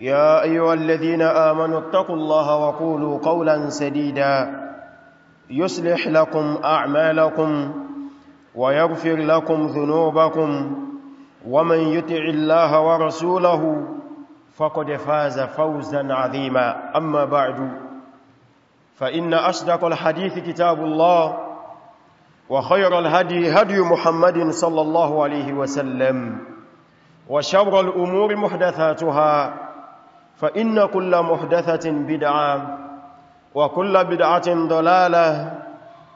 يا أيها الذين آمنوا اتقوا الله وقولوا قولا سديدا يصلح لكم أعمالكم ويغفر لكم ذنوبكم ومن يطع الله ورسوله فقد فاز فوزا عظيما أما بعد فإن أصدق الحديث كتاب الله وخير الهدي هدي محمد صلى الله عليه وسلم وشر الأمور محدثاتها فإن كل محدثة بدعة وكل بدعة ضلالة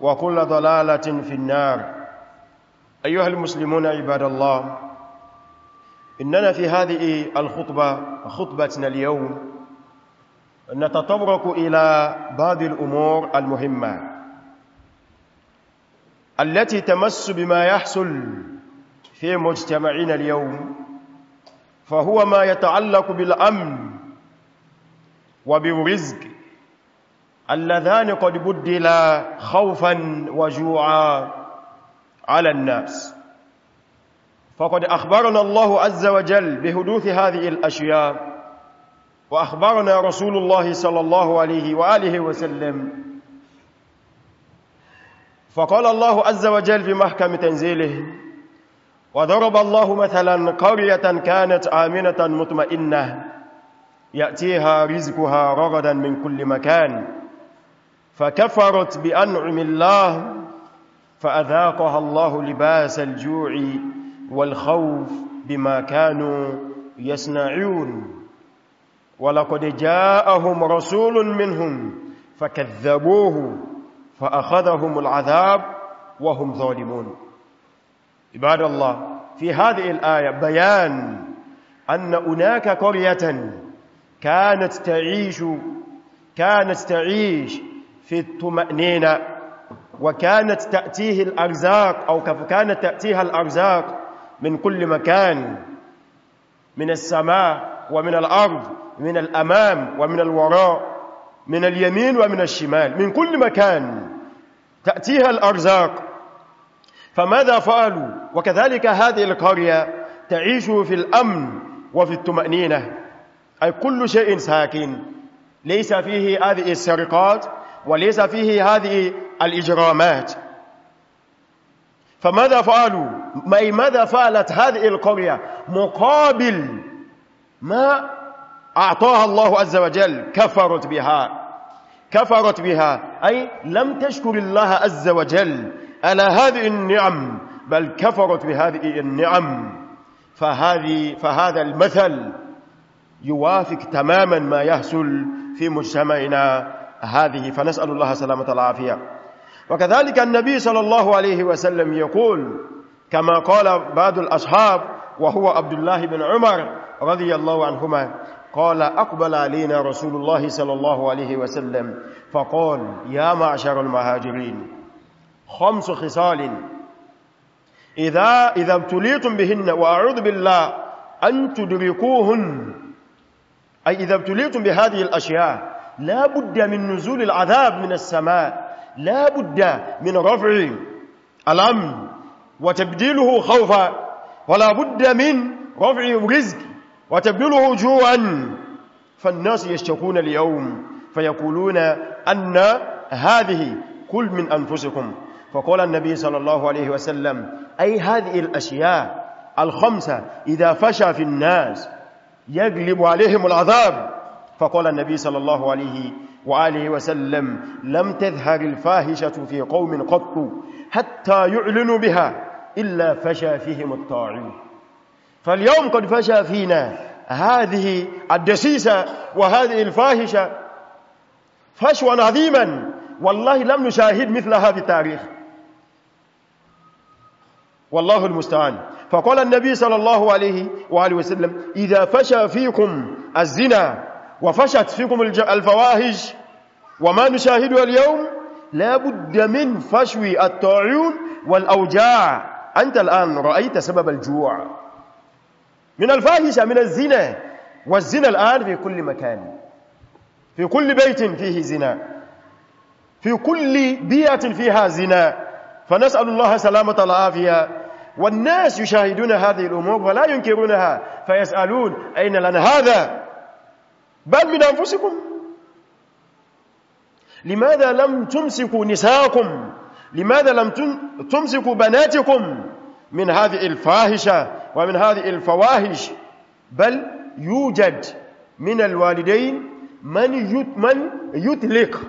وكل ضلالة في النار أيها المسلمون عباد الله إننا في هذه الخطبة خطبتنا اليوم نتطرق إلى بعض الأمور المهمة التي تمس بما يحصل في مجتمعنا اليوم فهو ما يتعلق بالأمن وبالرزق اللذان قد بدلا خوفا وجوعا على الناس فقد أخبرنا الله عز وجل بحدوث هذه الأشياء وأخبرنا رسول الله صلى الله عليه وآله وسلم فقال الله عز وجل في محكم تنزيله وضرب الله مثلا قرية كانت آمنة مطمئنة يأتيها رزقها رغدا من كل مكان فكفرت بأنعم الله فأذاقها الله لباس الجوع والخوف بما كانوا يصنعون ولقد جاءهم رسول منهم فكذبوه فأخذهم العذاب وهم ظالمون عباد الله في هذه الآية بيان أن هناك قرية كانت تعيش كانت تعيش في الطمأنينة وكانت تأتيه الأرزاق أو كانت تأتيها الأرزاق من كل مكان من السماء ومن الأرض من الأمام ومن الوراء من اليمين ومن الشمال من كل مكان تأتيها الأرزاق فماذا فعلوا وكذلك هذه القرية تعيش في الأمن وفي الطمأنينة أي كل شيء ساكن ليس فيه هذه السرقات وليس فيه هذه الإجرامات فماذا فعلوا أي ماذا فعلت هذه القرية مقابل ما أعطاها الله عز وجل كفرت بها كفرت بها أي لم تشكر الله عز وجل على هذه النعم بل كفرت بهذه النعم فهذه فهذا المثل يوافق تماما ما يحصل في مجتمعنا هذه فنسأل الله سلامة العافية وكذلك النبي صلى الله عليه وسلم يقول كما قال بعض الأصحاب وهو عبد الله بن عمر رضي الله عنهما قال أقبل علينا رسول الله صلى الله عليه وسلم فقال يا معشر المهاجرين خمس خصال إذا, إذا ابتليتم بهن وأعوذ بالله أن تدركوهن أي إذا ابتليتم بهذه الأشياء لا بد من نزول العذاب من السماء لا بد من رفع الأمن وتبديله خوفا ولا بد من رفع الرزق وتبديله جوعا فالناس يشتكون اليوم فيقولون أن هذه كل من أنفسكم فقال النبي صلى الله عليه وسلم أي هذه الأشياء الخمسة إذا فشى في الناس يجلب عليهم العذاب فقال النبي صلى الله عليه وآله وسلم لم تذهر الفاهشة في قوم قط حتى يعلنوا بها إلا فشى فيهم الطاعون فاليوم قد فشى فينا هذه الدسيسة وهذه الفاهشة فشوا عظيما والله لم نشاهد مثل هذا التاريخ والله المستعان فقال النبي صلى الله عليه وآله وسلم إذا فشى فيكم الزنا وفشت فيكم الفواهج وما نشاهده اليوم لا بد من فشو الطاعون والأوجاع أنت الآن رأيت سبب الجوع من الفاحشة من الزنا والزنا الآن في كل مكان في كل بيت فيه زنا في كل بيئة فيها زنا فنسأل الله سلامة العافية والناس يشاهدون هذه الأمور ولا ينكرونها فيسألون أين لنا هذا بل من أنفسكم لماذا لم تمسكوا نساءكم لماذا لم تمسكوا بناتكم من هذه الفاحشة ومن هذه الفواهش بل يوجد من الوالدين من يطلق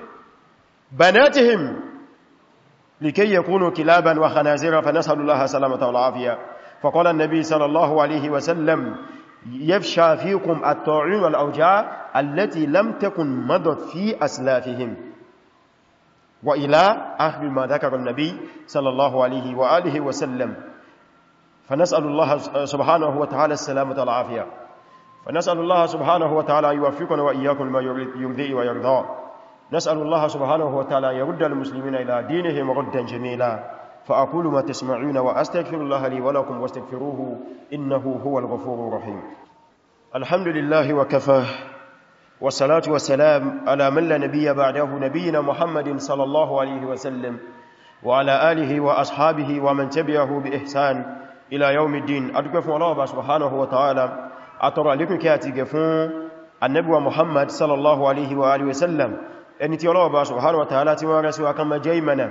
بناتهم لكي يكونوا كلابا وخنازير فنسأل الله سلامة والعافية فقال النبي صلى الله عليه وسلم يفشى فيكم الطاعون والأوجاع التي لم تكن مضت في أسلافهم وإلى آخر ما ذكر النبي صلى الله عليه وآله وسلم فنسأل الله سبحانه وتعالى السلامة والعافية فنسأل الله سبحانه وتعالى يوفقنا وإياكم ما يرضي ويرضى نسأل الله سبحانه وتعالى يرد المسلمين إلى دينهم ردا جميلا فأقول ما تسمعون وأستغفر الله لي ولكم واستغفروه إنه هو الغفور الرحيم الحمد لله وكفاه والصلاة والسلام على من لا نبي بعده نبينا محمد صلى الله عليه وسلم وعلى آله وأصحابه ومن تبعه بإحسان إلى يوم الدين أدقف الله سبحانه وتعالى أترى لكم كاتقفون النبي محمد صلى الله عليه وآله وسلم ẹni tí Ọlọ́run subhanahu wa ta'ala tí wọ́n rẹ̀ sí wa kan mẹ́jẹ́ ìmẹ́nà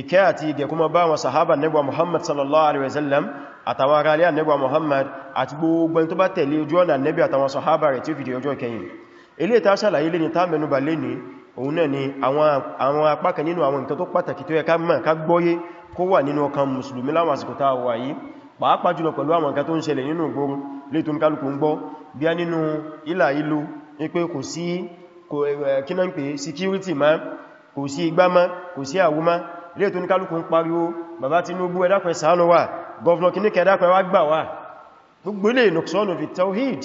ìkẹ́ àti ìgẹ̀ kuma bá wọn sahaba nẹ́gbà Muhammad sallallahu alaihi wasallam àtàwọn ará alẹ́ nẹ́gbà Muhammad àti gbogbo tó bá tẹ̀lé ojú ọ̀nà nẹ́bí àtàwọn sahaba rẹ̀ tí ó fìdí ọjọ́ kẹyìn ilé ta ṣàlàyé lè ní tá mẹ́nubà lè ní òun náà ni àwọn apákan nínú àwọn nǹkan tó pàtàkì Eh, eh, kí náà ń pè security ma kò sí igbá ma kò sí àwú ma ilé tó ní kálùkù ń pariwo bàbá Tinubu ẹ̀dàpẹ̀ ṣàánú wa gọ́ọ̀nà kí ní kẹ́dàpẹ̀ wá gbà wá gbogbo ilé nùksọ́nù fi tawhid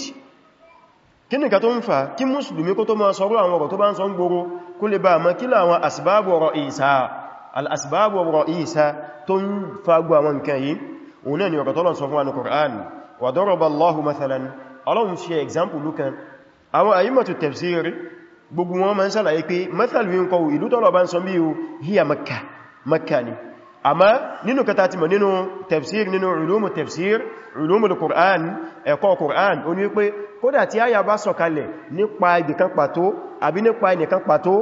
kí ní ká tó ń fa kí mùsùlùmí kó tó máa sọ̀rọ̀ àwọn ọ̀rọ̀ tó bá ń sọ ń gboro kó lè bá àmọ́ kí láwọn asbábù ọ̀rọ̀ ìsá al'asbábù ọ̀rọ̀ ìsá tó ń fagbó àwọn nǹkan yìí òun náà ni ọ̀rọ̀ tọ́lọ̀ sọ fún àwọn Qur'an wà dọ́rọ̀bà Allahu mathalan ọlọ́run ṣe example lukan àwọn ayyímọ̀tù tafsiri gbogbo wọn ma ń sàlàyé pé mẹ́tàlù yíò kọwò ìlú tọ́lọ̀ bá ń sọ bí i híyà Makkah Makkah ni àmá nínú kata ti mọ̀ nínú tafsir nínú ulumu tafsir ulumu Qur'an ẹ̀kọ́ Qur'an o ní wípé kódà tí àyà bá sọ̀kalẹ̀ nípa ibìkan pàtó àbí nípa ẹnìkan pàtó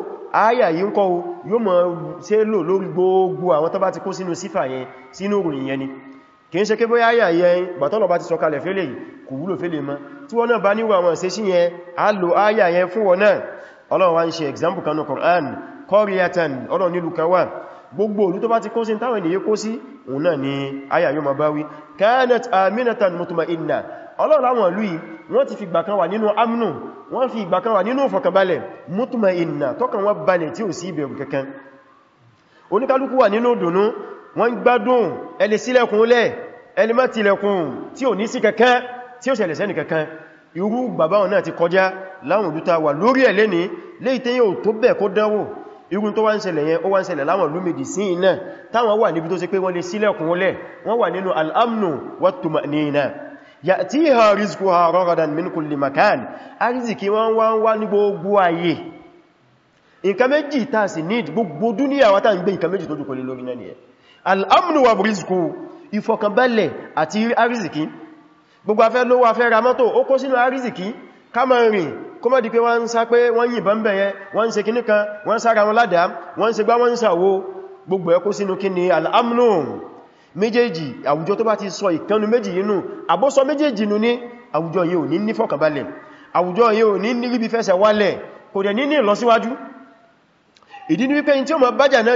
àyà yìí ń kọ́ yóò mọ̀ ṣe lò lórí gbogbo àwọn tó bá ti kó sínú sífà yẹn sínú òrìn yẹn ni kì í ṣe kí bóyá àyà yẹn bàtọ́lọ̀ bá ọlọ́run wá ń ṣe example kanú Qur'an kọ́ríyàtàn ọlọ́run nílù kan wà gbogbo olú tó bá ti kó sí táwọn ènìyàn kó sí òun náà ni ayà yóò ma bá wí kanat aminatan mutma'inna ọlọ́run láwọn ìlú yìí wọ́n ti fi ìgbà kan wà nínú amnù wọ́n fi ìgbà kan wà nínú ìfọ̀kànbalẹ̀ mutma'inna tọ́kàn wọ́n balẹ̀ tí ò sí ìbẹ̀rù kankan oníkálukú wà nínú dùnú wọ́n gbádùn ẹlẹ́sílẹ̀kúnlẹ̀ ẹlẹ́mọ́tilẹ̀kùn tí ò ní sí kankan tí ó ṣẹlẹ̀ sẹ́nì kankan irú bàbá wọn náà ti kọjá láwọn òdúta wà lórí ẹ̀ lẹ́ni léyìí tí yóò tó bẹ̀ kó dánwò irú tó wá ń ṣẹlẹ̀ yẹn ó wá ń ṣẹlẹ̀ láwọn lómìdì sí iná táwọn wà níbi tó ṣe pé wọ́n lè sílẹ̀kùn wọlẹ̀ ya'tiha rizquha ragadan min kulli makan arziki wọ́n wá ń wá ní gbogbo ayé nǹkan méjì tá sì ní gbogbo dúníyà wá tá ń gbé nǹkan méjì tó jùkọ́ lé àti arziki gbogbo afẹ́ lówó afẹ́ ra mọ́tò ó kó sínú àrízìkí ká mọ̀ rìn kó mọ́ di pé wọ́n ń sá pé wọ́n yìnbọn bẹ̀yẹn wọ́n ń ṣe kíní kan wọ́n sára wọn ládàá wọ́n ń ṣe gbá wọ́n ń sàwó gbogbo ẹ kó sínú kí ni al'amnu méjèèjì àwùjọ tó bá ti sọ ìkanu méjì inú àbọ́sọ méjèèjì nú ní àwùjọ yìí ò ní ní fọkànbalẹ̀ àwùjọ yìí ò ní ní ríbi fẹsẹ̀ wálẹ̀ kò dẹ̀ ní ní ìlọsíwájú ìdí ni wípé tí ó mọ̀ bájà náà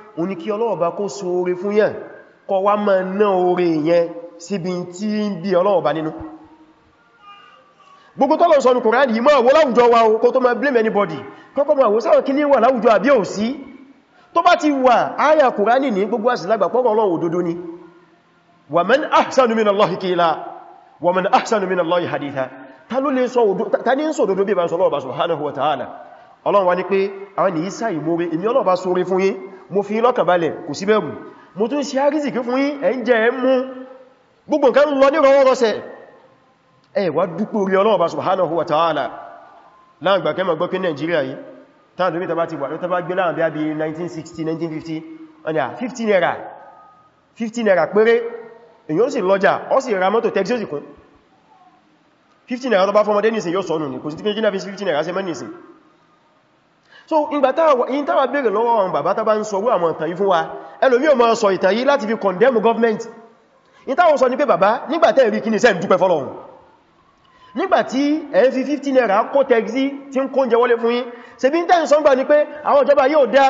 o ní kí ọlọ́ọ̀bá kó so oore fún yẹn kọ wá ma ná oore yẹn síbi tí ń bí ọlọ́ọ̀bá nínú gbogbo tọ́lọ̀ sọ ní Kùránì yìí máa wó láwùjọ wa o kó tó máa blame anybody kọ́kọ́ máa wó sáwọn kí ní wà láwùjọ àbí ò sí tó bá ti wà áyà Kùránì ní gbogbo àsìlágbà pọ́rọ̀ Ọlọ́run òdodo ni ahsanu min Allahi qila wa man ahsanu min Allahi haditha ta ló lè sọ òdodo ta ní ba sọ Ọlọ́run subhanahu wa ta'ala Ọlọ́run wa ní pé mo fi lọ́kàn balẹ̀ kò sí bẹ̀rù mo tún ṣe àrísìkí fún yín ẹ̀ ń jẹ ẹ̀ mú gbogbo nǹkan lọ ní rọwọ́rọsẹ̀ ẹ wá dúpẹ́ orí Ọlọ́run subhanahu wa ta'ala láàgbà kẹ́mọ̀ gbọ́ pé yìí tàbí 1960 1950 ọ̀nà 15 naira 15 naira péré èyàn sì lọ́jà ó sì ra mọ́tò Texas kún 15 naira tó bá fọ́mọdé nìsìn yóò sọ́nù ní kò sí tí kí so ìgbàtàwà bèèrè lọ́wọ́ àwọn bàbá tàbá ń sọwọ́ àwọn ìtàn yìí fún wa ẹlòmí o máa sọ ìtàn yìí láti fi condemn government ìtàwọn sọ ní pé bàbá nígbàtẹ́ ìrí kíní sẹ́m dúpẹ́ fọ́lọ́run nígbàtí ẹ̀ fi 15 naira kó tẹ́gzí tí ń kó ń jẹwọ́lé fún yín ṣe bí ń tẹ́ ìsọ́ngbà ni pé àwọn ìjọba yóò dá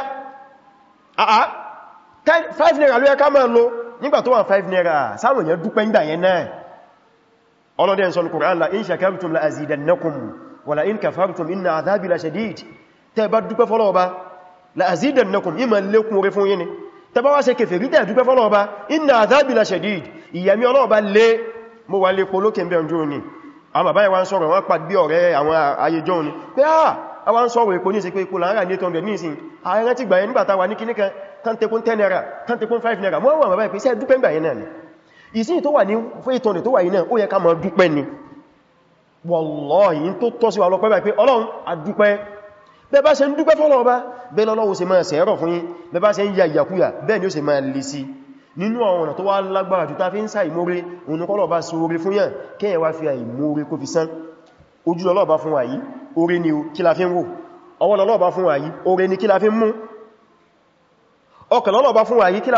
àá 5 naira ló yẹ ká máa lo nígbà tó wà 5 naira la in shakartum la azidannakum wala inna adhabi la shadid tẹ́ bá dúpẹ́ fọ́lọ́ọba la'azidannakum ìmọ̀ lékún orí fún yíní tẹ́ bá wá ṣe kèfèrí tẹ́ dúpẹ́ fọ́lọ́ọba inna adhabi la shadid ìyàmí ọlọ́ọba lé mo wà lè polókè bẹ̀rẹ̀ jù ní àwọn bàbá ìwà ń sọ̀rọ̀ wọ́n pàdé ọ̀rẹ́ àwọn ayé jọ ní pé ah! àwà ń sọ̀rọ̀ èpo ní ìsìnkú ipò láàárà ní 800 ní ìsìn ààrẹ ti gbàyẹn nígbàtà wà ní kíní kan tán tekún 10 naira tán tekún 5 naira tó wà lọ pẹ́ pé ọlọ́run adúpẹ́ bẹba ṣe ń dúpẹ́ fọ́lọ́wọ́ bá bẹ́ lọ́lọ́wọ́ ṣe máa sẹ̀rọ̀ fún yín bẹba ṣe ń ya ìyàkúyà bẹ́ẹ̀ ni ó ṣe máa lè sí nínú àwọn ọ̀nà tó wá lágbára jù ta fi ń sá ìmóre ònukọ́lọ̀bá sí oore fún yàn kẹ́yẹ̀ la fi ń wò ọwọ́ lọ́lọ́bá la fi ń mú ọkàn la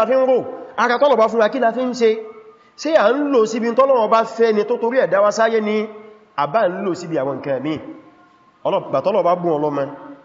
fi ń rò ara tọ́lọ́bá fún wa kí la fi ń ṣe ṣé à ń lò síbi tọ́lọ́wọ́bá fẹ́ ni tó torí ọlọ́mọ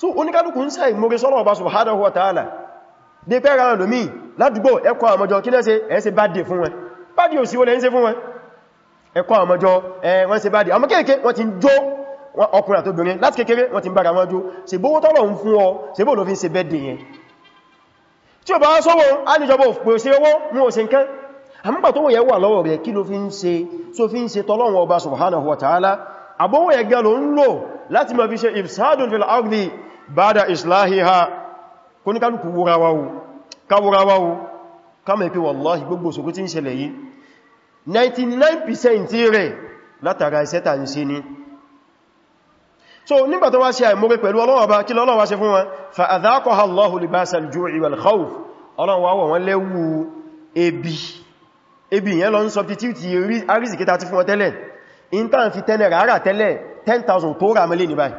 so oníkálùkù ń sá ìmúre sọ́lọ̀ ọba subhanahu wa ta'ala dé pẹ́ ra lómi ládùgbò ẹkọ àmọ́jọ kí lẹ́sẹ̀ ẹ̀ẹ́sẹ̀ bá dé fún wọn bá dé òsì wọlé ń ṣe fún wọn ẹkọ àmọ́jọ wọ́n ṣe bá dé àmọ́ kéèké wọ́n ti jó ọkùnrin àtobìnrin láti kékeré wọ́n ti ń bára wọn jó ṣèbówó tọ́lọ̀ ń fún ọ ṣèbó ló fi ń ṣe bẹ́ẹ̀dì yẹn tí ó bá sọ́wọ́ á níjọba òpè sí owó mú òsìn kan àmúgbà tó wọ́n yẹ wà lọ́wọ́ rẹ̀ kí ló fi ń ṣe tó fi ń ṣe tọ́lọ́wọ́ ọba subhanahu wa ta'ala àbówó ẹgbẹ́ ló ń lò láti mọ̀ fi ṣe ifsadun fil ardi bada islahiha kó ní kálùkù wúrawáwó kama ipi wallahi gbogbo ṣogbó tí ń ṣẹlẹ̀ yìí 99% rẹ̀ látara ìsẹ́ta ń ṣe ni so nígbàtí wá ṣe àìmúrí pẹ̀lú Ọlọ́run Ọba kí l'Ọlọ́run wá ṣe fún wọn fa'adhaqaha Allahu libasa al-ju'i wal-khawf Ọlọ́run wá wọ̀ wọ́n lẹ́wù ebi ebi yẹn lọ ń substitute arísìkítà ti fún 10,000 tó rà mẹ́lẹ̀ ní báyìí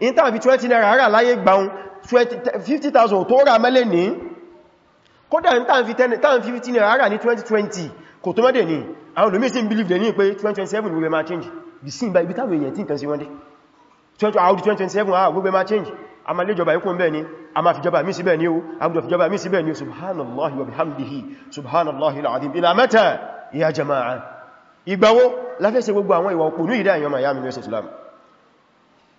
in tàbí 20 naira rà láyé gbáun 50,000 tó rà mẹ́lẹ̀ ní kódà in tàbí 50 naira rà ní 2020 kò tó mẹ́dẹ̀ ní àwọn olómi sí believe ní pé 2027 gbogbo ma change bí sí ibi tàbí èyàn tí nǹkan sí wọ́n dé 2027 ah gbogbo ma change a ma lè jọba ikú bẹ́ẹ̀ ni a ma fi jọba mí sí bẹ́ẹ̀ ni o a gbọ́dọ̀ fi jọba mí sí bẹ́ẹ̀ ni o subhanallah wa bihamdihi subhanallah al-azim ila mata ya jama'a ìgbàwo láfẹ́ gbogbo àwọn ìwà òpònú ìdá ìyọmà ya mi lọ́sẹ̀ islam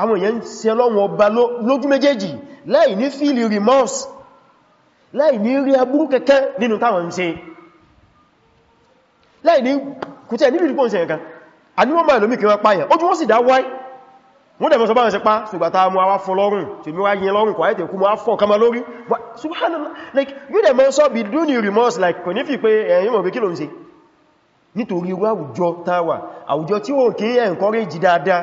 àwọn èèyàn ṣe lọ́wọ́ ọba lójú méjèèjì láì ní fíìlì remorse láì ní rí aburú kẹ́kẹ́ nínú táwọn ń ṣe láì ní kùtẹ́ nílùú ìdíkò ń ṣe ẹ̀kan àníwọ́n máa lómi kí wọ́n pààyàn ojú wọ́n sì dá wáyé wọ́n dẹ̀ mọ́ sọpá ṣe pá kama lórí subhanallah like you dẹ̀ mọ́ sọ bí remorse like kò ní fi pé ẹ̀yìn mọ̀ pé kí ló ń ṣe nítorí encourage dáadáa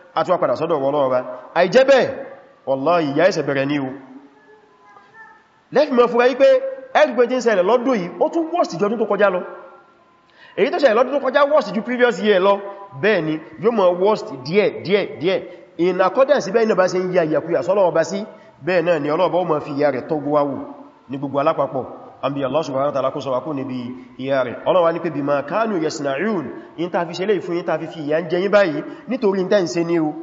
àtúwà padà sọ́dọ̀ ọlọ́ọ̀bá àìjẹ́bẹ̀ wallahi ìyà ẹ̀ṣẹ̀ bẹ̀rẹ̀ ní o lẹ́fì mọ́ fúra wípé ẹgbẹ́ tí ń ṣẹlẹ̀ lọ́dún yìí ó tún wọ́sì jọdún tó kọjá ju previous year lọ bẹ́ẹ̀ ni yóò mọ̀ wọ́sì díẹ̀ díẹ̀ díẹ̀ in accordance bẹ́ẹ̀ náà bá ṣe ń yà ìyàkúyà sọ́lọ́ọ̀bá bẹ́ẹ̀ náà ni ọlọ́ọ̀bá ó mọ̀ fi ìyà rẹ̀ tó gbówáwò ní àbí Allah subhanahu wa ta'ala kó sọ wá kó níbi ìyà rẹ̀ ọlọ́wà ní pé bí ma kánù yasna'un in ta fi ṣẹlẹ̀ fún in ta fi fi ìyà ń jẹ yín báyìí nítorí in tẹ́ ń ṣe ní o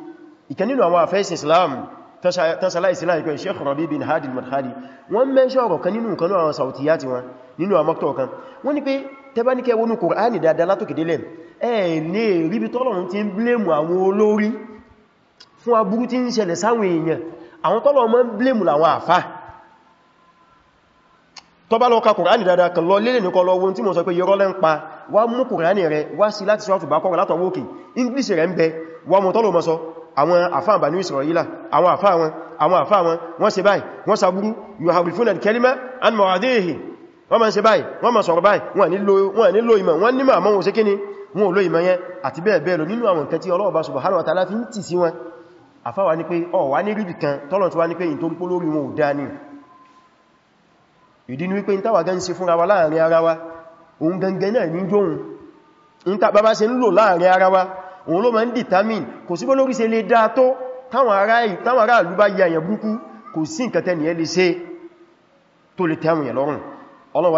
ìkẹ́ nínú àwọn àfẹ́sì Islam tọ́sàlá ìsìlá ìpẹ́ Sheikh Rabi bin Hadi al-Madkhali wọ́n mẹ́ṣọ́ ọ̀rọ̀ kan nínú nǹkan àwọn sàwùtíyà ti wọn nínú àmọ́kítọ̀ kan ń blẹ́mù àwọn olórí àfáà tó bá lọ ka kùránì dáadáa kan lọ lélè nìkan lọ ohun tí mo sọ pé yọrọ lẹ́ ń pa wá mú kùránì rẹ wá sí láti sọ́tù bá kọ́rọ̀ látọwọ́ òkè english rẹ ń bẹ wá mọ̀ tọ́lọ mọ́ àwọn àfáà Banu Israila àwọn àfáà wọn àwọn àfáà wọn wọ́n ṣe báyìí wọ́n sàbúrú yuharrifuna al-kalima ma ṣe báyìí wọ́n ma sọ̀rọ̀ báyìí wọ́n nílò ìmọ̀ wọ́n nímọ̀ àmọ́ wọn ṣe kíni wọn ò lò ìmọ̀ yẹn àti bẹ́ẹ̀ bẹ́ẹ̀ lọ nínú àwọn nǹkan tí Ọlọ́run subhanahu wa ta'ala fi ń tì sí wọn àfáà wa ní pé ọ̀ wá ní ríbì kan tọ́lọ̀ tí wá ní pé ìdí ni wípé ìtawà gan sí fúnra wa láàrin ara wa òun gangan náà ní jóun ìta bàbá ṣe ń lò láàrin ara wa òun ló ma ń determine kò sí bọ́lórí ṣe lè dáa tó táwọn ará ìlú bá yà yà búkú kò sí nǹkan tẹ́ni ẹ lè ṣe tó lè tẹ́mù yẹ lọ́rùn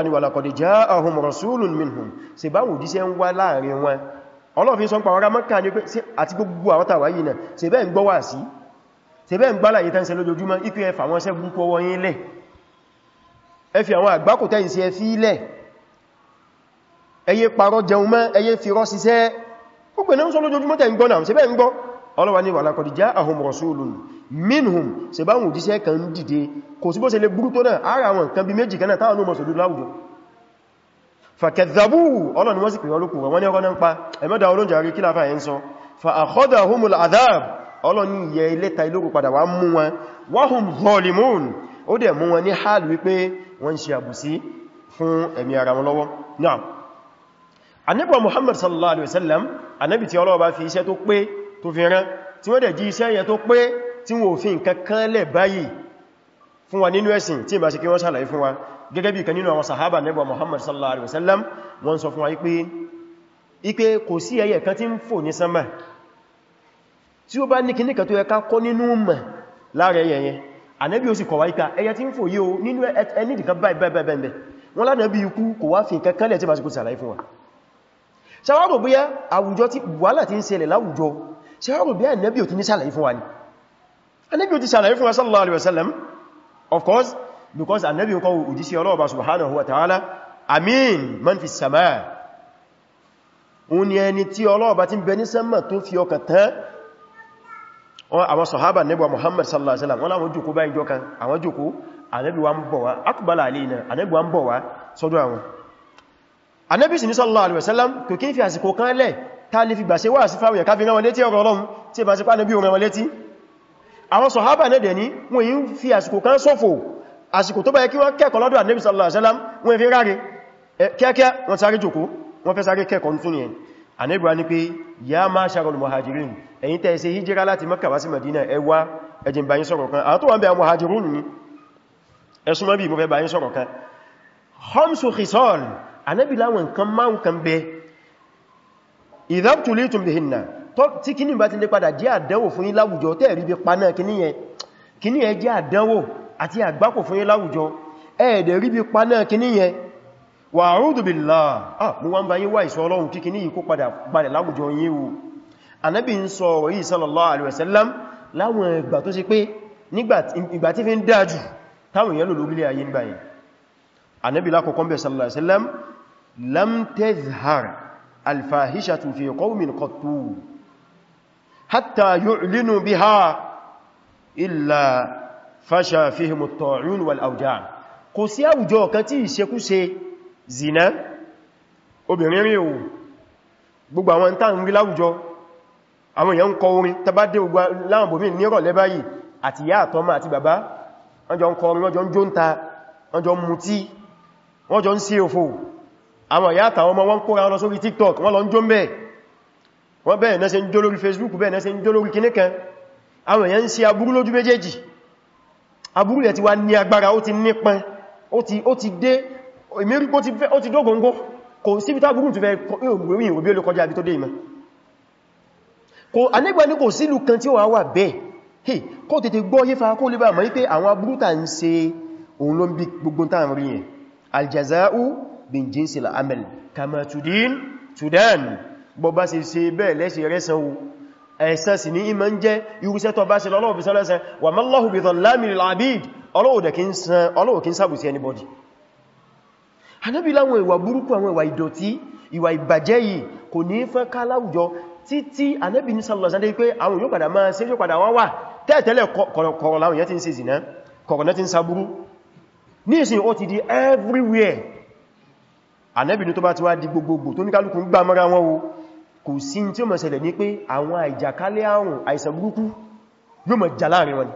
ni walaqad jā'ahum rasūlun minhum ṣe bá wò jíṣẹ́ ń wá láàrin wọn ọlọ́fin sọ pàwọn ará Mẹ́kà ní ẹ fi àwọn àgbákò tẹ́ ìsẹ́ fi ilẹ̀ ẹyẹ parọ́ jẹun mọ́ ẹyẹ fi rọ́ síṣẹ́ púpẹ̀ náà ń sọ lójoojúmọ́ tẹ́ ń gbọ́ náà sẹ́bẹ̀ ń gbọ́ ọlọ́wà ní wàlá kọ̀dí já ahùn rọ̀súlùn minhum ṣe bá wùn jíṣẹ́ kan dìde kò sí bó ṣe lè burú tó náà ara àwọn nǹkan bí méjì kanáà táwọn ọmọ sọ̀dọ̀ láwùjọ fàkẹ̀dàbù ọlọ́ ni wọ́n sì ó dẹ̀ mú wọn ní hàl wípé wọ́n ṣe àbùsí fún ẹ̀mí ara wọn lọ́wọ́ náà ànábì Muhammad sallallahu alaihi wasallam ànábì tí Ọlọ́run bá fi iṣẹ́ tó pé tó fi rán tí wọ́n dẹ̀ jí iṣẹ́ yẹn tó pé tí wọ́n fi nǹkan kan lẹ̀ báyìí fún wa nínú ẹ̀sìn tí ìbá ṣe kí wọ́n ṣàlàyé fún wa gẹ́gẹ́ bí kan sọ fún wa ipé kò sí ẹyẹ kan tí ń fò ní sánmà tí ó bá ní kíníkà tó yẹ kọ́ nínú mọ̀ lára ẹyẹ yẹn ànẹ́bí ó sì kọ̀wà ìka ẹyẹ tí ń fò yíò nínú ẹni ìdìkan báibẹ́bẹ́bẹ́ wọn lánàbí ikú kò wá fi nǹkan kánlẹ̀ tí bá sì kò sàlàyé fún wa ṣàwárò bí yá àwùjọ tí wàhálà ti ń ṣẹlẹ̀ láwùjọ ṣàwárò bí yá ànẹ́bí ò ti ní sàlàyé fún wa ni ànẹ́bí ò ti sàlàyé fún wa sallallahu alaihi wasallam of course because ànẹ́bí ń kọ́ òjíṣẹ́ ọlọ́ọ̀bá subhanahu wa ta'ala amin man fi sama òun ni ti ń bẹ ní sánmà tó fi àwọn sọ̀hábà nígbà Muhammad sallallahu alaihi wasallam wọ́n láwọn jùkú bá ìjọ kan àwọn jùkú Ànábì wa ń bọ̀ wá sallallahu alaihi wasallam kò kí fi àsìkò kan lẹ̀ ta lè fi gbà ṣe wà sí fáwọn ká fi rán wọn létí ọ̀rọ̀ Ọlọ́run tí bá sí pá Ànábì rán wọn létí àwọn sọ̀hábà náà dẹ̀ ní tó bá kí wọ́n kẹ́kọ̀ọ́ lọ́dọ̀ Ànábì sallallahu alaihi wasallam wọ́n fi ráre kíákíá wọ́n sáré jòkó wọ́n fẹ́ sáré kẹ́kọ̀ọ́ tún yẹn Ànábì wa ní pé ya ma ṣarọ̀ muhajirin ẹ̀yin tẹ́ ṣe hijira láti Makka wá sí Madina ẹ wá ẹ jẹ́ n bá yín sọ̀rọ̀ kan àwọn tó wà ń bẹ Muhajirun ni ẹ súnmọ́ bí mo fẹ́ bá yín sọ̀rọ̀ kan hamsu khisal Ànábì láwọn nǹkan máa ń kan bẹ ìdábtùlítùm bihinna tí kíní bá ti lè padà jẹ́ àdánwò fún yín láwùjọ tẹ́ẹ̀rí bí paná kíní yẹn kíní yẹn jẹ́ àdánwò àti àgbákò fún yín láwùjọ ẹ̀ẹ̀dẹ̀ rí bí paná kíní yẹn wà áúdù billah ah mo wá bá yín wá ìsọ Ọlọ́run kíkíní yìí kó padà gbalẹ̀ láwùjọ yín anábi ń sọ ọ̀rọ̀ yìí sallallahu alaihi wasallam láwọn ìgbà tó sì pé ìgbà tí fi ń dájú táwọn èèyàn lò lórílẹ̀ ayé nígbà yìí anábi lákọ̀ọ́kọ́ bẹ̀ sallallahu alaihi wasallam lam tazhar alfahishatu fi qawmin qattu hatta yu'linu gbogbo àwọn tàà ń rí láwùjọ àwọn èèyàn ń kọ orin tàbá dé ogun láwọn bòmí nírọ̀lẹ́ báyìí àti ìyá àtọ́mà àti bàbá wọ́n jọ ń kọ orin wọ́n jọ ń jó ń ta wọ́n jọ ń mutí wọ́n jọ ń sí òfò àwọn ìyá àtàwọn ọmọ wọn kóra lọ tiktok wọ́n lọ ń jó ń bẹ́ẹ̀ wọ́n bẹ́ẹ̀ facebook bẹ́ẹ̀ náà ṣe ń jó lórí kinní kan àwọn èèyàn ń ṣe aburú lójú méjèèjì aburú rẹ̀ ti wá ní agbára ó ti nípọn ó ti dé ìmírí ó ti dógóngó kò anẹ́gbà ní kò sílù kan tí ó wà wà bẹ́ẹ̀ kó tètè gbọ́ yífà kó lè bá mọ̀ wípé àwọn abúrúta ń ṣe òun ló ń bí gbogbo tàà rí yẹn aljaza'u bin jinsil amal kama tudin tudan bọ́ bá ṣe ṣe bẹ́ẹ̀ lẹ́ṣẹ̀ rẹ́san o ẹ̀san sì ní ìmọ̀ ń jẹ́ irúṣẹ́ tó bá ṣe lọ́lọ́wọ́ fi sọ́lọ́sẹ́ wa mallahu bi dhallamin lil abid ọlọ́wọ́ kí ń sàbùsí anybody anábìláwọn ìwà burúkú àwọn ìwà ìdọ̀tí ìwà ìbàjẹ́ yìí kò ní fẹ́ ká láwùjọ títí Ànábì ní sallallahu alaihi wasallam pé àwọn yóò padà máa ṣe yóò padà wọ́n wà tẹ́ẹ̀tẹ́lẹ̀ kọ̀rọ̀kọ̀rọ̀ láwọn yẹn ti ń ṣe zìná kọ̀rọ̀nà ti ń saburú ní ìsìn ó ti di everywhere Ànábì ní tó bá ti wá di gbogbogbò tó ní kálukú ń gbá mara wọn o kò sí tí ó mọ̀ ṣẹlẹ̀ ní pé àwọn àìjàkálẹ̀ àrùn àìsàn burúkú yóò mọ̀ jà láàrin wọn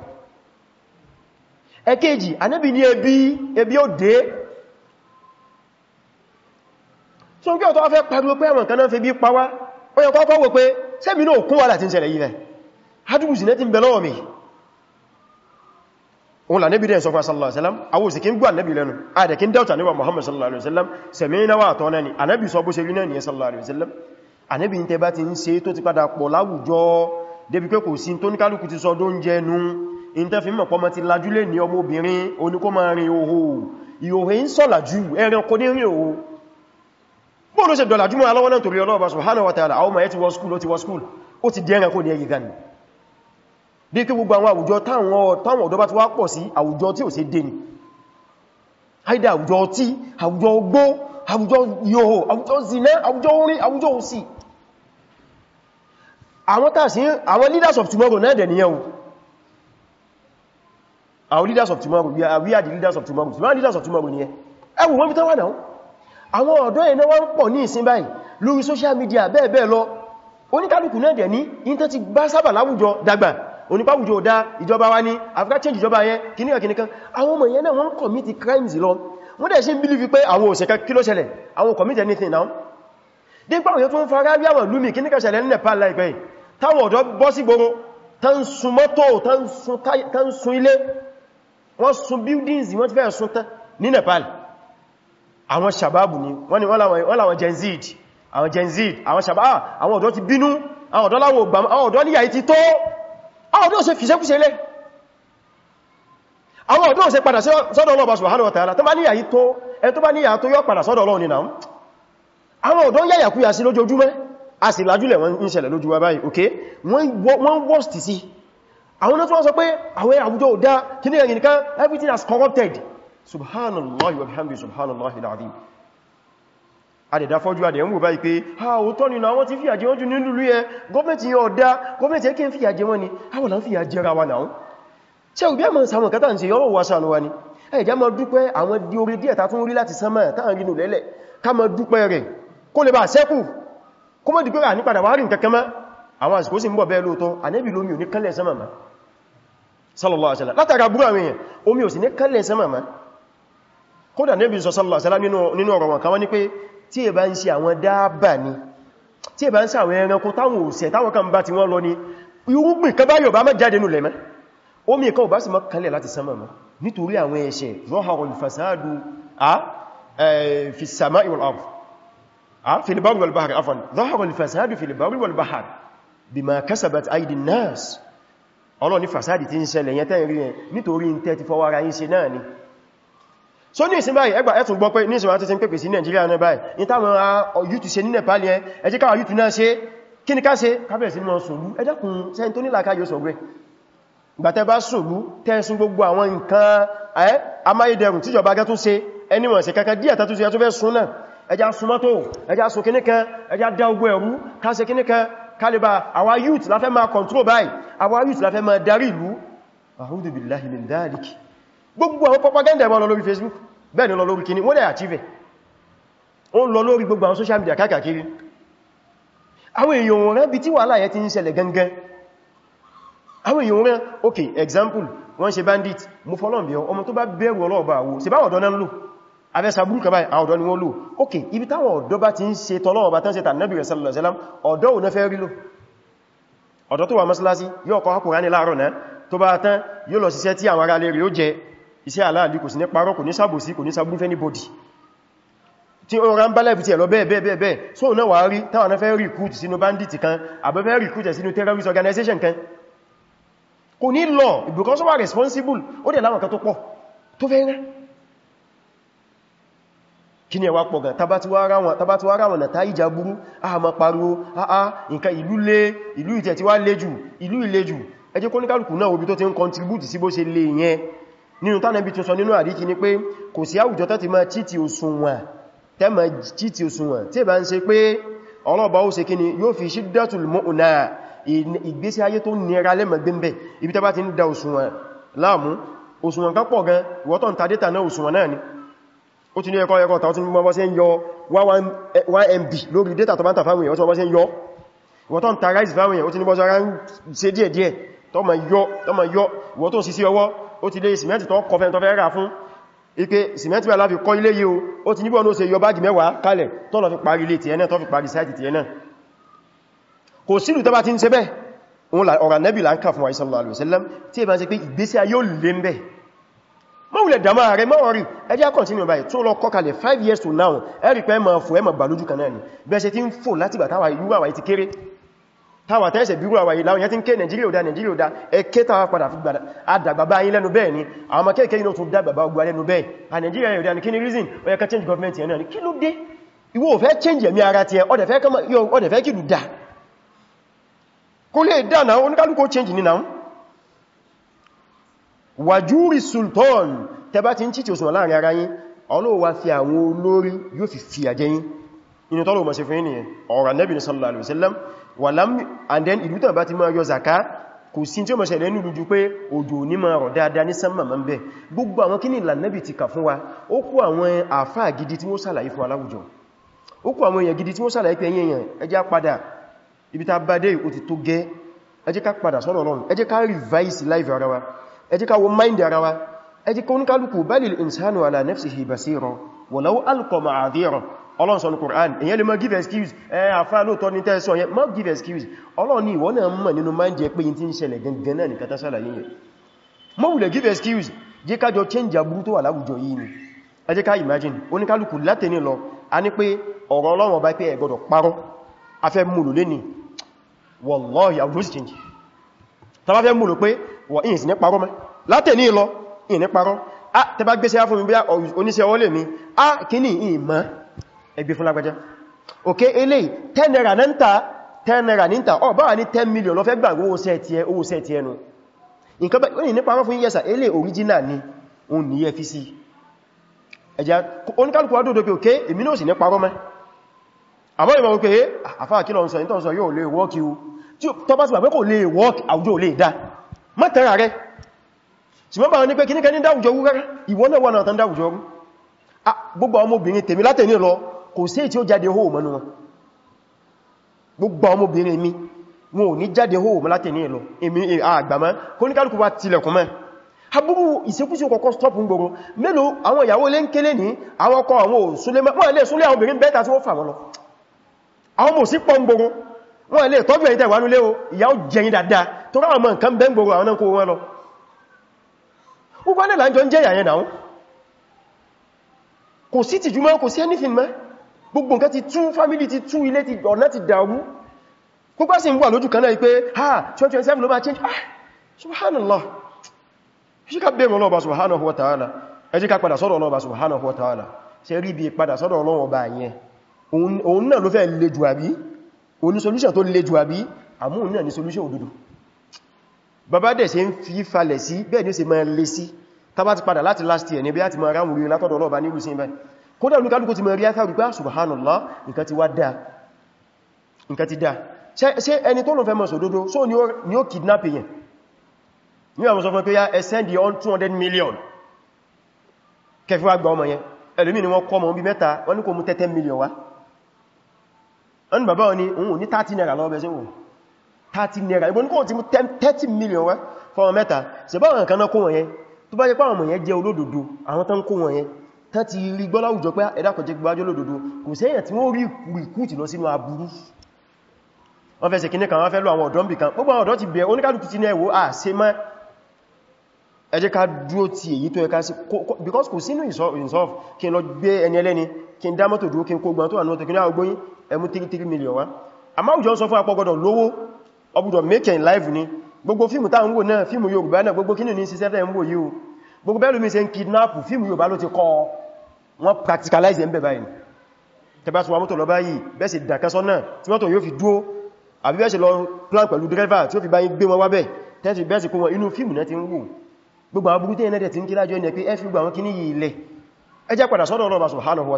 ẹ̀kejì Ànábì ní ebi ebi ó dé so kí ọ̀tọ́ fẹ́ pariwo pé àwọn kan náà fi bí pa wá ó yẹ kọ́kọ́ wò pé sẹ́mi náà kún wà láti ń ṣẹlẹ̀ ilẹ̀ adúgbù sí nẹ́tí ń bẹ lọ́wọ́ mi òun là nẹ́bí dẹ̀ sọ fún sallallahu alaihi wasallam àwọn òsì Muhammad sallallahu alaihi wasallam sẹ̀mí náwà àtọ́ náà ni ànẹ́bí sọ bó ṣe rí náà ni sallallahu alaihi wasallam ànẹ́bí ń tẹbá ti ń ṣe tó ti padà pọ̀ láwùjọ débi pé kò sí tó ní kálukú ti sọ dó ń jẹnu bóò ló ṣe dọ̀là jùmọ́ alọ́wọ́ náà torí ọlọ́ọ̀bá subhanahu wa ta'ala àwọn mẹ́ẹ̀ ti wọ skúl ó ti wọ skúl ó ti dẹ́rẹ̀ kó ní ẹ̀yí gan bí kí gbogbo àwọn àwùjọ táwọn ọ̀dọ́ bá ti wá pọ̀ sí àwùjọ tí ò ṣe dé ni haida àwùjọ tí àwùjọ ogbó àwùjọ yòhò àwùjọ zina àwùjọ orin àwùjọ òsì àwọn tàṣí àwọn leaders of tomorrow náà dẹ̀ nìyẹn àwọn leaders of tomorrow we are the leaders of tomorrow we are leaders of tomorrow nìyẹn ẹwù wọ́n bí tán wà náà àwọn ọ̀dọ́ ẹ̀nà wọ́n pọ̀ ní ìsìn báyìí lórí social media bẹ́ẹ̀ bẹ́ẹ̀ lọ oníkálùkù náà dẹ̀ ní ìntẹ́ ti gbá sábà láwùjọ dàgbà onípàwùjọ ọ̀dá ìjọba wa ní africa change ìjọba yẹn kìníkà kìníkà àwọn ọmọ yẹn náà wọ́n commit crimes lọ wọ́n dẹ̀ ṣe ń believe pé àwọn òṣèkẹ́ kí commit anything now dé pàwọn yẹn tó ń fara rí àwọn lúmi Nepal láìpẹ́ táwọn ọ̀dọ́ bọ́ sí gbogbo tán sun mọ́tò tán sun ilé wọ́n sun buildings wọ́n ti Nepal àwọn sàbábù ni wọ́n ni wọ́n láwọn gen z àwọn gen z àwọn sàbábù ah, àwọn ọ̀dọ́ ti bínú àwọn ọ̀dọ́ láwọ̀ ògbà àwọn ọ̀dọ́ níyà ti tó àwọn ọ̀dọ́ ṣe fìṣẹ́kúṣe lẹ́ àwọn ọ̀dọ́ ṣe padà sọ́dọ̀ Ọlọ́run subhanahu wa ta'ala tó bá níyà tó ẹ tó bá níyà tó yọ padà sọ́dọ̀ Ọlọ́run nìna àwọn ọ̀dọ́ ń yàyà kúyà sí lójoojúmọ́ a sì lájúlẹ̀ wọ́n ń ṣẹlẹ̀ lójú wa báyìí ok wọ́n worst sí àwọn náà tó wọ́n sọ pé àwọn àwùjọ ò dá kí ní ẹ̀yìn nìkan everything has corrupted subhanallahi wa bihamdi subhanallahi alazim àdẹ̀dá fọ́jú àdẹ̀ ń wò báyìí pé ha ò tọ́ nínú àwọn tí fìyàjẹ́ wọ́n jù nínú ìlú ẹ gọ́ọ̀mẹ́ntì yóò dá gọ́ọ̀mẹ́ntì ẹkẹ́ ń fìyàjẹ́ wọ́n ni àwọn là ń fìyàjẹ́ ra wa náà tí ẹgbẹ́ àmọ́ sàmọ̀ kátà ń ṣe yọ́rọ̀ wà sàánú wa ni ẹjá mọ́ dúpẹ́ àwọn di orí díẹ̀ ta tún rí láti sánmà táàrin nínú lẹ́lẹ̀ ká mọ́ dúpẹ́ rẹ̀ kó lè bá sẹ́kù kó mọ́ dúpẹ́ rà ní padà wárí nǹkan kẹmọ́ àwọn àsìkò sí ń bọ̀ bẹ́ẹ̀ lóòtọ́ ànẹ́bì lómi ò ní kánlẹ̀ sánmà ma sallallahu alaihi wasallam látara búrú àwọn èèyàn omi ò sì ní kánlẹ̀ sánmà ma kódà Nábì sallallahu alaihi wasallam nínú ọ̀rọ̀ wọn kan wọ́n ní pé tí è bá ń ṣe àwọn dáàbà ni tí è bá ń ṣe àwọn ẹranko táwọn òsẹ̀ táwọn kan bá ti wọ́n lọ ní irúgbìn kan bá yọ̀bá má jáde nù lẹ́mẹ́ omi kan ò bá sì mọ́ kalẹ̀ láti sánmà mọ́ nítorí àwọn ẹ̀ṣẹ̀ zahara al so ní ìsin báyìí ẹgbà ẹ̀tùn gbọ́ pé ní ìsin àti sin pèpè sí Nigeria náà báyìí ní táwọn yútù ṣe ní Nepal yẹn ẹ jẹ́ káwà yútù náà ṣe kí ní ká se kábẹ̀rẹ̀ sí mọ́ sòlú ẹ dákun sẹ́yìn tó nílà káyọ sọ̀gbẹ́ gbàtẹ́ bá sòlú tẹ́sùn gbogbo àwọn nǹkan amáyédẹrùn tíjọba gẹ́ tún ṣe ẹni wọ̀n ṣe kankan díẹ̀ tàtúnṣe ẹ tó fẹ́ sún náà ẹjá sun mọ́tò ẹjá sun kíníkan ẹjá dá ogbó ẹ̀rú ká ṣe kíníkan kálíbà àwa youth la fẹ́ máa control báyìí àwa youth la fẹ́ máa darí ìlú a'udhu billahi min dhalik gbogbo àwọn propaganda ìwọ̀n lọ lórí facebook bẹ́ẹ̀ ni lọ lórí kìíní wọ́n dẹ̀ àtífẹ̀ o ń lọ lórí gbogbo àwọn social media káàkiri àwọn èèyàn wọ́n rán bí tí wàhálà yẹ ti ń ṣẹlẹ̀ gangan àwọn èèyàn wọ́n rán ok example wọ́n ṣe bandit mú fọ́lọ́n bí ọmọ tó bá bẹ̀rù ọlọ́ọ̀bá àwọ̀ ṣe bá ọ̀dọ́ náà ń lò afẹ́sà burúkà báyìí àwọn ọ̀dọ́ ok ibi táwọn ọ̀dọ́ bá ti ń ṣe tọ́lọ́ọ̀bá tán ṣe tà nẹ́bì rẹ̀ sallallahu alaihi wasallam ọ̀dọ́ ò náà fẹ́ rí lò ọ̀dọ́ tó wà mọ́sálásí yóò kọ́ hákùnrání láàárọ̀ náà tó bá tán yóò lọ ṣiṣẹ́ tí àwọn ará lè rí ó jẹ iṣẹ́ aláàlì kò sí ní parọ́ kò ní sàbòsí kò ní sàbún fẹ́ ní bọ́dì tí ó rán bálẹ̀ fìtí ẹ̀lọ bẹ́ẹ̀ bẹ́ẹ̀ bẹ́ẹ̀ so náà wà rí táwọn náà fẹ́ recruit sínú bandit kan àbẹ́fẹ́ recruit sínú terrorist organization kan kò ní lọ because wà responsible ó dẹ̀ láwọn kan tó pọ̀ tó fẹ́ rán kí ni ẹwà pọ̀ gan tàbá tí wá ráwọn nà tá ìjà burú àmà pariwo àá nǹkan ìlú lé ìlú ìtẹ̀ tí wá lé jù ìlú ìlé jù ẹ jẹ́ kóníkálùkù náà obi tó ti ń contribute sí bó ṣe lè yẹn nínú tánàbí tún sọ nínú àríkì ni pé kò sí àwùjọ tẹ́ ti máa títì òsùnwọ̀n tẹ́ máa títì òsùnwọ̀n tí bá ń ṣe pé ọlọ́ọ̀bá ó ṣe kí ni yóò fi ṣídẹ́tùl mọ́ọ̀nà ìgbésí ayé tó nira lẹ́mọ̀ gbẹ́mbẹ̀ ibi tẹ́ bá ti ń da òsùnwọ̀n láàmú òsùnwọ̀n kan pọ̀ ni ó ti ní ẹkọ́ ẹkọ́ ta ó ti ní bọ́ sí ń yọ 1mb lórí dẹ́ta tó bá ń ta fáwọn èèyàn ó ti bọ́ sí ó ti lé sìmẹ́ntì tó kọfẹ́ tó fẹ́ rà fún ipé sìmẹ́ntì wà láfi kọ́ ilé yìí o ó ti níbọ̀ ní ó ṣe yọ báàgì mẹ́wàá kalẹ̀ tó lọ fi parí ilé tiẹ̀ náà tó fi parí sáìtì tiẹ̀ náà kò sílù tó bá ti ń ṣe bẹ́ẹ̀ òun ọ̀rọ̀ nẹ́bì là ń kà fún sallallahu alaihi wasallam tí ẹ bá ń ṣe pé ìgbésí ayé ò lè ń bẹ̀ mọ́wùlẹ̀ dàmà rẹ̀ mọ́ rí ẹjá years to now ẹ̀rì pé mọ̀ fò ẹmọ̀ bà lójú kan náà ni bẹ́ẹ̀ ṣe tí ń fò láti bàtàwà ìlú àwà ìtì táwà tẹ́ẹ̀sẹ̀ bírú àwà ìlàwò yẹn tí ń ké Nàìjíríà òdá Nàìjíríà òdá ẹkẹ́ tàwà padà fi gbàdà àdàgbàbá yìí lẹ́nu bẹ́ẹ̀ ni àwọn ọmọ kéèkéé inú tún dàgbàbá ogun lẹ́nu bẹ́ẹ̀ change government yẹn náà ni kí ló dé ìwọ ò fẹ́ change ẹ̀mí ara tiẹ̀ ni náà wàjúrì sultan tẹbá ti ń títí òsùn láàrin ara yín ọlọ́wà fi àwọn olórí yóò sallallahu alaihi wàlám and then ìlú tàbí ti máa yọ zaka kò sí tí ó mọ̀ ṣẹlẹ̀ nílùú ju pé òjò ní máa rọ̀ dáadáa ní sánmà máa ń bẹ gbogbo àwọn kí ní ìlànàbì ti kà fún wa ó kú àwọn àfáà gidi tí wọ́n sàlàyé fún aláwùjọ ó kú àwọn èèyàn gidi tí wọ́n sàlàyé pé èèyàn ẹ jẹ́ padà ibi ta bá dé ó ti tó gẹ́ ẹ jẹ́ ká padà sọ́nà Ọlọ́run ẹ jẹ́ ká revise life ara wa ọlọ́run sọ Al-Qur'an èyàn lè mọ́ give excuse ẹ àfá lóòtọ́ ní tẹ́ẹ̀sọ yẹn mọ́ give excuse ọlọ́run ni ìwọ náà mọ̀ nínú máa ń jẹ pé yìí tí ń ṣẹlẹ̀ gangan náà ní katásàlà yìí mọ́ wùlẹ̀ give excuse jẹ́ kájọ change aburú tó wà láwùjọ yìí ni ẹ jẹ́ ká imagine oníkálùkù látẹni lọ a ní pé ọ̀rọ̀ ọlọ́run ọba pé ẹ gbọ́dọ̀ parọ́ afẹ́ múlò lẹ́ni wallahi àwùjọ change tàbá fẹ́ múlò pé wọ ìyìn sí ní parọ́ mẹ́ látẹni lọ ìyìn ní parọ́ ah tẹbá gbéṣẹ́ fún mi bí oníṣẹ́ ẹgbẹ́ fún lágbàjá ok eléyìí 10 naira ní ta 10 naira ní ta ọ báwa ní 10 million lọ́fẹ́ gbà owó sẹ́ẹ̀tì ẹ owó sẹ́ẹ̀tì ẹnu nǹkan bá ní nípa wọ́n fún yẹ́sà eléyìí original ni òun ní ẹfí sí ẹjá oníkálùkù adódó pé ok èmi náà sì ní parọ́ mẹ́ àbọ́ ìmọ̀ wípé àfáà kí lọ sọ ìtọ́ sọ yóò lè wọ́ọ̀kì o tí tọ́ bá ti bàbẹ́ kò lè wọ́ọ̀kì àwùjọ ò lè dá mọ́tẹ̀rà rẹ̀ ṣùgbọ́n bá wọn ní pé kí ní kẹ́ tèmi látẹ̀ ní lọ kò sí tí ó jáde hóò mọ́nu wọn gbogbo ọmọbìnrin mi wọn ò ní jáde hóò mọ́ látẹ̀ ní ẹ̀lọ èmi àgbàmọ́ kó ní kálùkù bá tilẹ̀kùn mẹ́ àbúrú ìṣekúsí kọ̀kọ́ stop ń gbogbo mélòó àwọn ìyàwó lé ń kélé ní àwọn ọkọ àwọn òsúlé wọ́n lè súnlé àwọn obìnrin bẹ́ta tí wọ́n fà wọn lọ àwọn mò sí pọ́ ń gbogbo wọ́n lè tọ́jú ẹ̀yìn tẹ̀wà nílé o ìyàwó kò sí tìjú mọ́ kò sí anything mọ́ gbogbo nǹkan ti tú family ti tú ilé ti ọ̀nà ti dàrú púpá sí ń wà lójú kan náà pé ha 2027 ló bá change ah subhanallah ṣí ká bẹ̀rẹ̀ ọlọ́ọ̀bá subhanahu wa ta'ala ẹ jẹ́ ká padà sọ́dọ̀ ọlọ́ọ̀bá subhanahu wa ta'ala ṣe rí bí padà sọ́dọ̀ ọlọ́ọ̀bá yẹn òun náà ló fẹ́ le jù àbí òun ní solution tó le jù àbí àmú náà ní solution òdodo bàbá dẹ̀ ṣe ń fi falẹ̀ sí bẹ́ẹ̀ ni ó ṣe máa le sí tá bá ti padà láti last year ní bí á ti máa rámùrí látọ̀dọ̀ ọlọ́ọ̀bá nílùú sí ibẹ̀ kódà olúkálùkù ti mọ̀ rí ẹ́fẹ́ rúgbá ah, subhanallah nǹkan ti wá dáa nǹkan ti dáa ṣe ẹni tó lùn fẹ́ mọ̀ sódódó so ni ó kidnap èyàn ní àwọn sọfún pé ya ẹsẹ́n di on 200 million kẹfí wá gba ọmọ yẹn ẹlòmí ni wọ́n kọ́ mọ̀ bí mẹ́ta wọ́n ní kò mú 10 million wá wọ́n ni bàbá wọn ni òun ní 30 naira lọ́wọ́ bẹ̀ṣẹ́ wọn 30 naira ìbọn kò ti mú 30 million wá fọ́wọ́n mẹ́ta ṣe báwọn kan náà kó wọn yẹn tó bá jẹ́ pàwọn mọ̀ yẹn jẹ́ olódodo àwọn tán kó wọn yẹn tán ti rí gbọ́lá òjò pé ah, ẹ̀dàkọ̀ jẹ́ gbájọ́ lòdòdó kò sẹ́yìn tí wọ́n rí rìkútì lọ sínú aburú wọ́n fẹ́ sẹ̀kíní kan wọ́n fẹ́ lọ àwọn ọ̀dọ́ nbìkan gbogbo ọ̀dọ́ ti because kò sínú ìsọ́f kí n lọ gbé ẹni ẹlẹ́ni kí n dá mọ́tò dúró kí n kó gbọ́n tó wà náà tẹ̀kíní àgbóyín ah, ẹmú 33 million wá àmá make in life ni gbogbo fíìmù táà ń wò náà fíìmù Yorùbá náà gbogbo kí ní ní ṣiṣẹ́ tẹ́ ń wò yìí o gbogbo bẹ́ẹ̀ lómi ṣe ń kidnap fíìmù Yorùbá ló ti kọ́ wọ́n practicalize ẹ̀ ń bẹ̀ báyìí tẹbàtí wà mọ́tò lọ báyìí bẹ́ẹ̀sì dàkásọ́ náà tí mọ́tò yóò fi dúó àbí bẹ́ẹ̀sì lọ plan pẹ̀lú driver tí ó fi báyìí gbé wọn wábẹ̀ tẹ́sì bẹ́ẹ̀sì kó wọn inú fíìmù náà ti ń wò gbogbo aburú tí ẹnẹ́dẹ̀ ti ń kí lájọ́ ẹni pé ẹ fi gbà wọn kí ní yìí ilẹ̀ ẹ jẹ́ padà sọ́dọ̀ Ọlọ́run subhanahu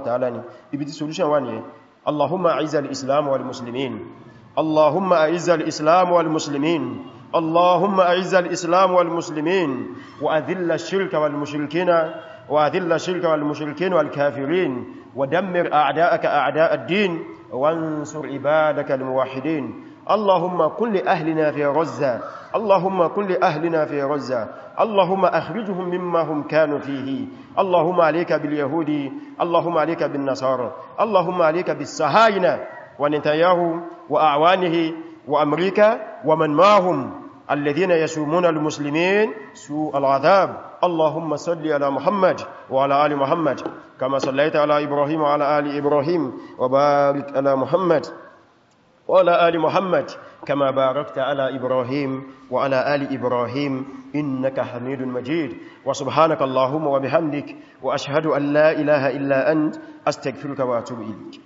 wa وأذل الشرك والمشركين والكافرين ودمر أعداءك أعداء الدين وانصر عبادك الموحدين اللهم كن لأهلنا في غزة اللهم كن لأهلنا في غزة اللهم أخرجهم مما هم كانوا فيه اللهم عليك باليهود اللهم عليك بالنصارى اللهم عليك بالسهاينة ونتنياهو وأعوانه وأمريكا ومن معهم الذين يسومون المسلمين سوء العذاب اللهم صل على محمد وعلى آل محمد كما صليت على إبراهيم وعلى آل إبراهيم وبارك على محمد وعلى آل محمد كما باركت على إبراهيم وعلى آل إبراهيم إنك حميد مجيد وسبحانك اللهم وبحمدك وأشهد أن لا إله إلا أنت أستغفرك وأتوب إليك